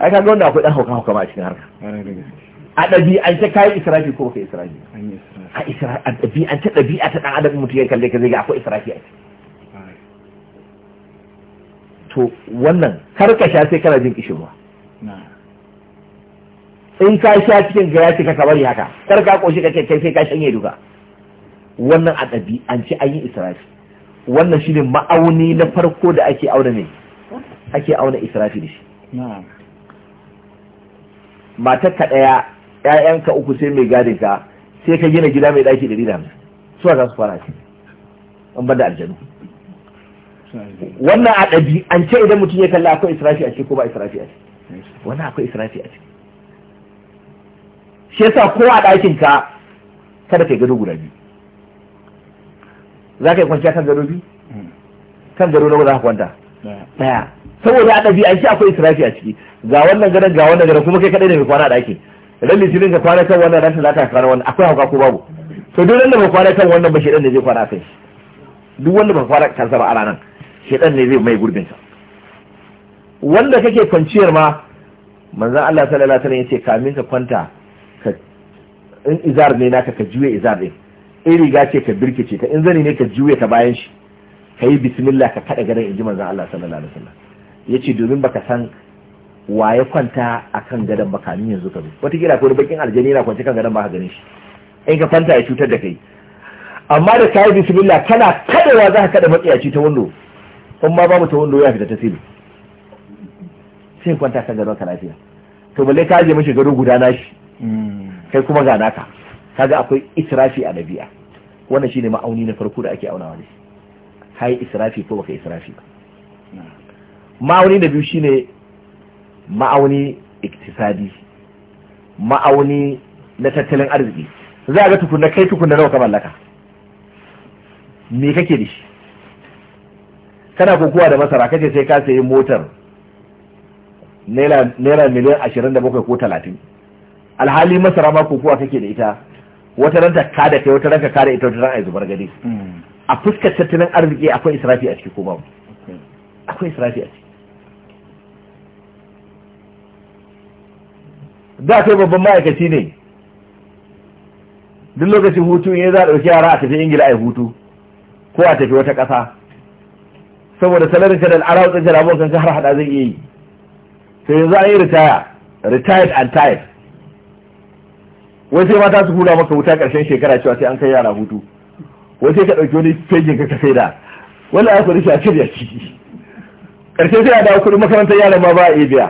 ai yi ga wanda akwai ɗan hauka hauka ma a cikin harka a ɗabi an ce kayan israfi ko ka israfi a a ɗabi an ce ɗabi a ta ɗan adam mutum ya kalle ka zai ga akwai israfi a cikin to wannan karkasha sai kana jin kishirwa in ka sha cikin ga ya ce ka bari haka kar ka koshi ka kai sai ka shanye duka wannan a ɗabi'ance an yi israfi wannan shi ne ma'auni na farko da ake auna ne ake auna israfi da shi matar ka ɗaya ƴaƴanka uku sai mai gadin ka sai ka gina gida mai ɗaki ɗari da hamsin suwa za su fara shi an banda aljanu wannan a ɗabi'ance idan mutum ya kalla akwai israfi a ciki ko ba israfi a ciki wannan akwai israfi a ciki shi yasa ko a ɗakin ka kada kai gado guda biyu za ka yi kwanciya kan gado biyu kan gado na za ka kwanta ɗaya saboda a ɗabi'ance akwai israfi a ciki ga wannan gadon ga wannan gadon kuma kai kaɗai ne mai kwana a ɗakin Idan litinin ka kwana kan wannan ran talata ka kwana wannan akwai hauka ko babu to duk ran ba kwana kan wannan ba shi ɗan da zai kwana kai duk wanda ba kwana kan sa ba a ranar shaidan ne zai mai gurbin sa wanda kake kwanciyar ma manzan Allah sallallahu alaihi wasallam yace kamin ka kwanta ka in izar ne naka ka juye izar din in riga ce ka birkice ta in zani ne ka juye ta bayan shi kai bismillah ka kada gadon inji manzan Allah sallallahu alaihi wasallam yace domin baka san waye kwanta akan gadon ba kamin yanzu ka zo wata kila ko bakin aljani yana kwance kan gadon ba ka ganin shi in ka kwanta ya cutar da kai amma da kayi bismillah kana kadawa za ka kada matsiyaci ta wando in ma babu ta wando ya fita ta silu. sai kwanta kan gadon ka lafiya to balle ka je mishi gado guda nashi kai kuma ga naka kaga akwai israfi a dabi'a wannan shine ma'auni na farko da ake aunawa ne. shi israfi ko baka israfi ba ma'auni na biyu shine ma'auni iktisadi ma'auni na tattalin arziki za a ga tukunna kai tukunna nawa ka mallaka me kake da shi kana kokowa da masara kace sai ka sayi motar naira miliyan ashirin da bakwai ko talatin alhali masara ma kokowa kake da ita wata ranta ka da kai wata ranta ka da ita wata ran ai zubar gani hmm. a fuskar tattalin arziki akwai israfi a ciki ko ba akwai israfi a ciki da kai babban ma'aikaci ne duk lokacin hutu ya za a ɗauki yara a tafi ingila a yi hutu ko a tafi wata ƙasa saboda salarin ka da al'arawar tsanci da abokan ka har hada zai iya yi sai yanzu an yi ritaya retired and tired wai sai mata su hula maka wuta karshen shekara cewa sai an kai yara hutu wai sai ka ɗauki wani fegin ka ka da wani aka rufe a shirya ciki karshe sai a dawo kuɗin makarantar yaran ma ba a iya biya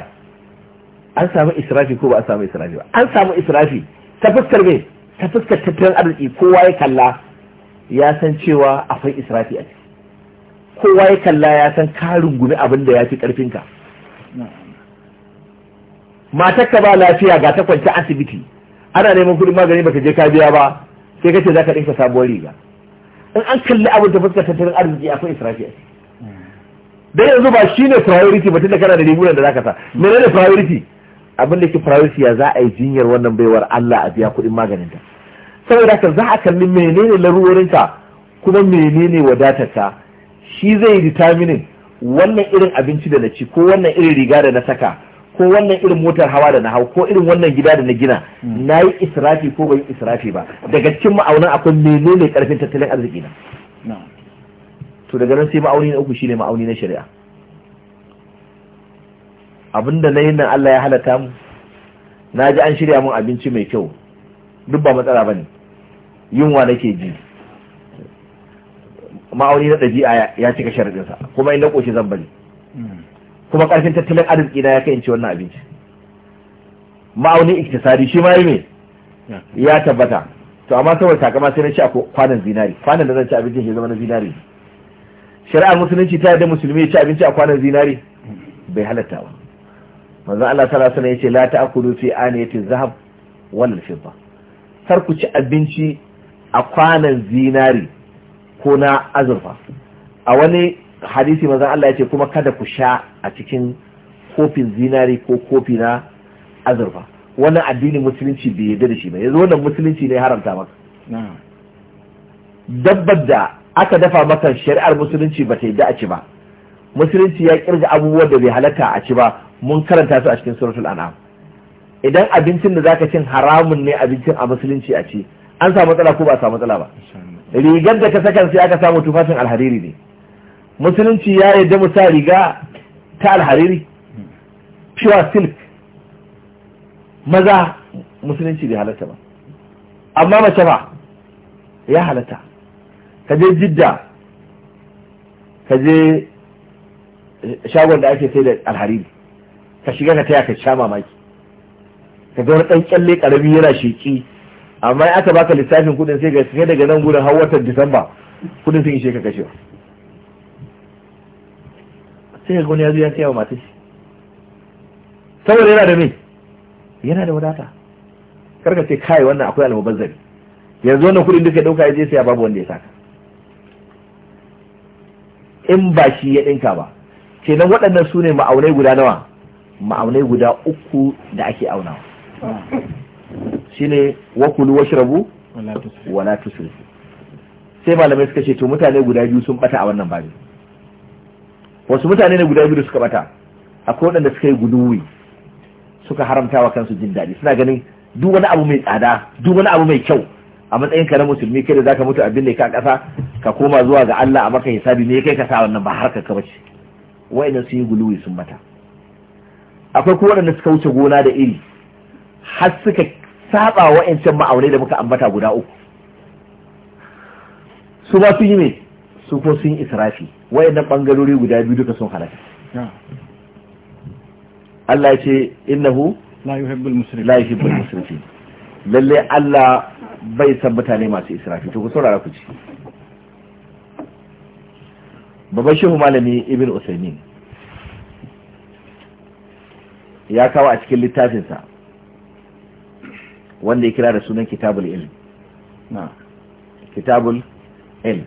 an samu israfi ko ba a samu israfi ba an samu israfi ta fuskar me ta fuskar tattalin arziki kowa ya kalla ya san cewa akwai israfi a ciki kowa ya kalla ya san ka rungumi abin da ya fi ƙarfinka Matakka ba lafiya ga ta kwanci asibiti ana neman kudin magani baka je ka biya ba sai kace zaka dinka sabuwar riga in an kalli abin da fuskar tattalin arziki akwai israfi dan yanzu ba shine priority mutum da kana da rigunan da zaka sa menene priority abin da ke priority ya za a yi jinyar wannan baiwar Allah a biya kudin maganin ta saboda haka za a kalli menene larurorinka kuma menene wadatarka shi zai yi determining wannan irin abinci da na ci ko wannan irin riga da na saka ko wannan irin motar hawa da na hau ko irin wannan gida da na gina hmm. na yi israfi ko bai israfi ba daga cikin ma'aunin akwai menene karfin tattalin arziki na to daga nan sai ma'auni na uku shine ma'auni na shari'a abinda na yi nan Allah ya halatta mu na ji an shirya mun abinci mai kyau duk ba matsala bane yunwa nake ji ma'auni na ɗabi'a ya cika sharaɗinsa kuma in na ƙoshi zan bari kuma ƙarfin tattalin arziki na ya kai in ci wannan abinci ma'aunin iktisadi shi ma yi me ya tabbata to amma saboda takama sai na ci a kwanan zinari kwanan da zan ci abincin shi zama na zinari shari'ar musulunci ta yadda musulmi ya ci abinci a kwanan zinari bai halatta ba manzo Allah sallallahu alaihi wasallam yace la ta'kulu fi aniyati zahab wal fidda kar ku ci abinci a kwanan zinari ko na azurfa a wani hadisi mazan Allah ya ce kuma kada ku sha a cikin kofin zinari ko kofi na azurfa wannan addinin musulunci bai yarda da shi ba yanzu wannan musulunci ne haramta maka dabbar da aka dafa maka shari'ar musulunci ba ta yarda a ci ba musulunci ya kirga abubuwan da bai halatta a ci ba mun karanta su a cikin suratul an'am idan abincin da zaka cin haramun ne abincin a musulunci a ci an samu matsala ko ba a samu matsala ba rigar da ka sakan sai aka samu tufafin alhariri ne musulunci ya yi mu sa riga ta alhariri pure silk maza musulunci bai halatta ba amma mace ba ya halatta ka je jidda ka je eh, shagon da ake sai da alhariri ka shiga ka taya ka sha mamaki ka ga wani ɗan kyalle ƙarami yana sheƙi amma in aka baka lissafin kudin sai ga sai daga nan gurin hawatar disamba kudin sun ishe ka kashewa sai ga wani ya zo ya saya wa matar shi saboda yana da me yana da wadata karka ce kai wannan akwai almubazzari yanzu wannan kudin duka dauka ya je saya babu wanda ya saka in ba shi ya dinka ba kenan waɗannan su ne ma'aunai guda nawa ma'aunai guda uku da ake aunawa shine wa kulu washrabu wala tusrifu sai malamai suka ce to mutane guda biyu sun bata a wannan bari wasu mutane ne guda biyu da suka bata akwai waɗanda suka yi guduwi suka haramta wa kansu jin daɗi suna ganin duk wani abu mai tsada duk wani abu mai kyau a matsayin ka na musulmi kai da zaka mutu abin da ka kasa ka koma zuwa ga Allah a maka hisabi ne kai ka sa wannan ba harkar ka bace wayannan sun yi guluwi sun mata akwai ko waɗanda suka wuce gona da iri har suka saba wa'ancan ma'aunai da muka ambata guda uku su ba su yi ne su ko sun israfi nan bangarori guda biyu duka sun halaka Allah ya ce innahu la yuhibbul musrifin la yuhibbul musrifin lalle Allah bai san mutane masu israfi to ku saurara ku ci babban shehu malami ibn usaimin ya kawo a cikin littafinsa wanda ya kira da sunan kitabul ilm na kitabul ilm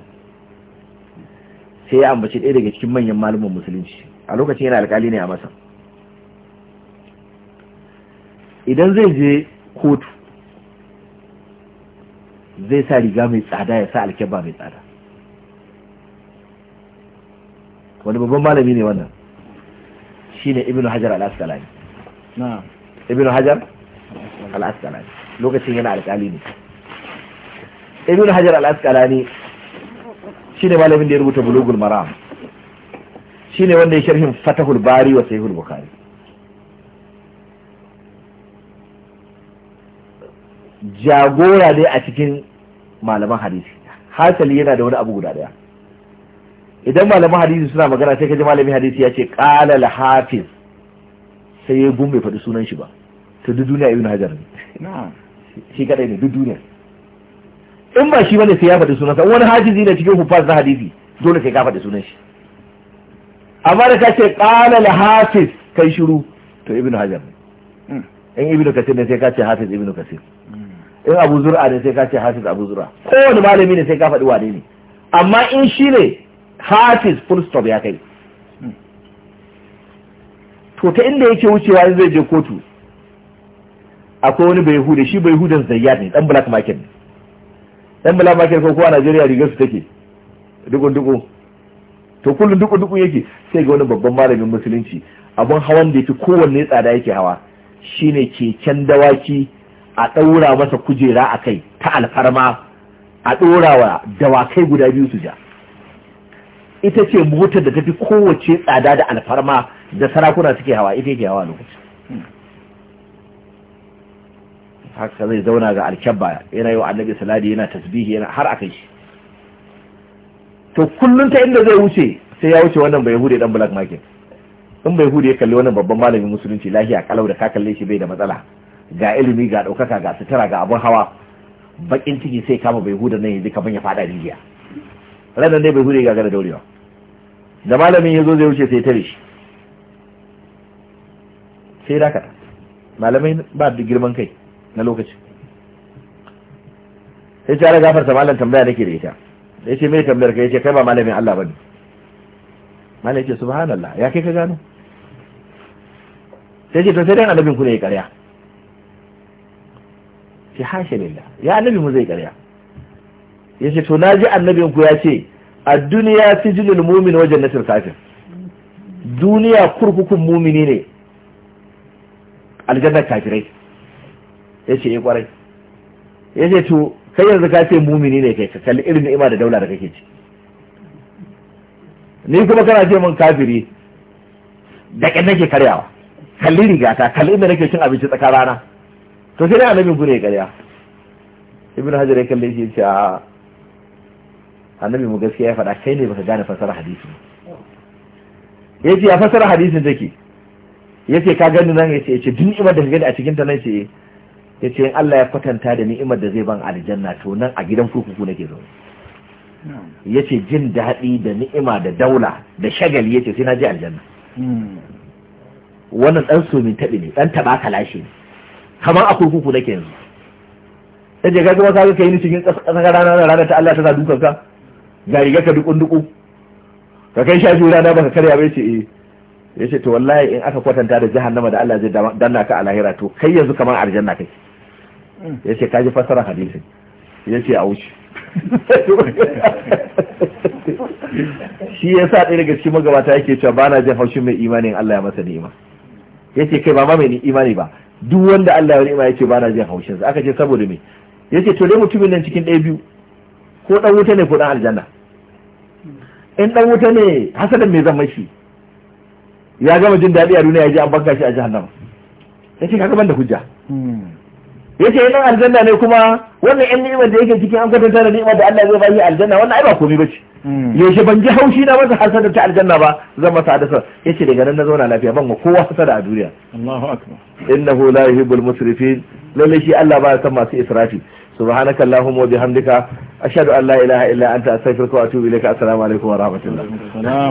sai ya ambaci ɗaya daga cikin manyan malumin musulunci a lokacin yana alkali ne a masa idan zai je kotu zai sa riga mai tsada ya sa alkyabba mai tsada wani babban malami ne wannan shine ibnu hajar al-asqalani na'am ibnu hajar al-asqalani lokacin yana alkali ne ibn hajar al-asqalani shine malamin da ya rubuta bulugul maram shine wanda ya sharhin fatahul bari wa sahihul bukhari jagora ne a cikin malaman hadisi hasali yana da wani abu guda daya idan malaman hadisi suna magana sai kaji malamin hadisi ya ce qala al hafiz sai ya gumbe faɗi sunan shi ba to duk duniya ibn hajar ne na'am shi kadai ne duk duniya in ba shi bane sai ya faɗi sunansa wani hajizi ne cikin hufaz na hadisi dole sai ka faɗi sunan shi amma da ka ce qala al hafiz kai shiru to ibnu hajar in ibnu kasir ne sai ka ce hafiz ibnu kasir in abu zur'a ne sai ka ce hafiz abu zur'a kowane malami ne sai ka faɗi wane ne amma in shi ne hafiz full stop ya kai to ta inda yake wucewa zai je kotu akwai wani bai hude shi bai hudan zayyad ne dan black market ne dan black market ko kuwa Najeriya rigar su take dukun duku to kullun dukun duku yake sai ga wani babban malamin musulunci abun hawan da yafi kowanne tsada yake hawa shine keken dawaki a daura masa kujera a kai ta alfarma a dorawa dawakai guda biyu su ja ita ce motar da tafi kowace tsada da alfarma da sarakuna suke hawa ita yake hawa lokacin haka zai zauna ga alkyabba yana yi wa annabi saladi yana tasbihi yana har akai shi to kullum ta inda zai wuce sai ya wuce wannan bai hude dan black market in bai hude ya kalli wannan babban malamin musulunci lahiya kalau da ka kalle shi bai da matsala ga ilimi ga ɗaukaka ga sutura ga abun hawa bakin ciki sai kama bai huda nan yanzu kaman ya fada rijiya ranar dai bai hude ga gara daurewa da malamin ya zo zai wuce sai tare shi sai dakata malamai ba da girman kai na lokaci sai ta gafar sa malam tambaya nake da ita sai ce mai tambayar ka ce kai ba malamin Allah bane malam ce subhanallah ya kai ka gano sai ce to sai dan annabin ku ne ya karya ce hashe lillah ya annabi mu zai karya ce to naji annabin ku ya ce a duniya sijilul mu'min wa jannatul kafir duniya kurkukun mumini ne aljannar kafirai ya ce ya eh, kwarai ya ce to kai yanzu ka ce mumini ne kai ka kalli irin ni'ima da daula da kake ci ni kuma kana ce min kafiri da ƙin nake karyawa kalli ta kalli inda nake cin abinci tsakar rana to sai dai annabi ku karya ibnu hajar ya kalle shi ya ce a annabi mu gaskiya ya faɗa kai ne baka gane fasara hadisi ya ce ya fasara hadisin take ya ce ka gani nan ya ce duk imar da ka gani a cikin ta nan ce eh. ya ce in Allah ya kwatanta da ni'imar da zai ban aljanna to nan a gidan kurkuku nake zo ya ce jin daɗi da ni'ima da daula da shagali ya ce sai na je aljanna wannan ɗan somin taɓi ne ɗan taɓa lashe ne kamar a kurkuku nake yanzu ta je gaggaba ka ga yi ni cikin ƙasar rana ranar ta Allah ta sa dukan ka ga riga ka dukun duku ka kai shafi rana baka karya bai ce eh yace to wallahi in aka kwatanta da jahannama da Allah zai danna ka a lahira to kai yanzu kamar aljanna kake ya ce kaji fasara hadisi. ya ce a wuce shi ya sa ɗaya daga cikin magabata yake cewa ba na jin haushin mai imanin Allah ya masa ni'ima ya ce kai ba ma mai imani ba duk wanda Allah ya ni'ima ya ce ba na jin haushin sa aka ce saboda me ya ce to dai mutumin nan cikin ɗaya biyu ko ɗan wuta ne ko ɗan aljanna in ɗan wuta ne hasadan me zan mashi ya gama jin daɗi a duniya ya ji an banka shi a jahannama ya ce kaga ban da hujja hmm. yace yana aljanna ne kuma wannan yan ni'imar da yake cikin an kwatanta da ni'imar da Allah zai ba shi aljanna wannan ai ba komai bace hmm. yaushe ban ji haushi na masa hasada ta aljanna ba zan masa hadasa yace daga nan na zauna lafiya ban ga kowa hasada a duniya Allahu akbar innahu la yuhibbul musrifin lalle shi Allah ba ya san masu israfi subhanaka allahumma wa bihamdika ashhadu an la ilaha illa anta astaghfiruka wa atubu ilaika assalamu alaikum wa rahmatullah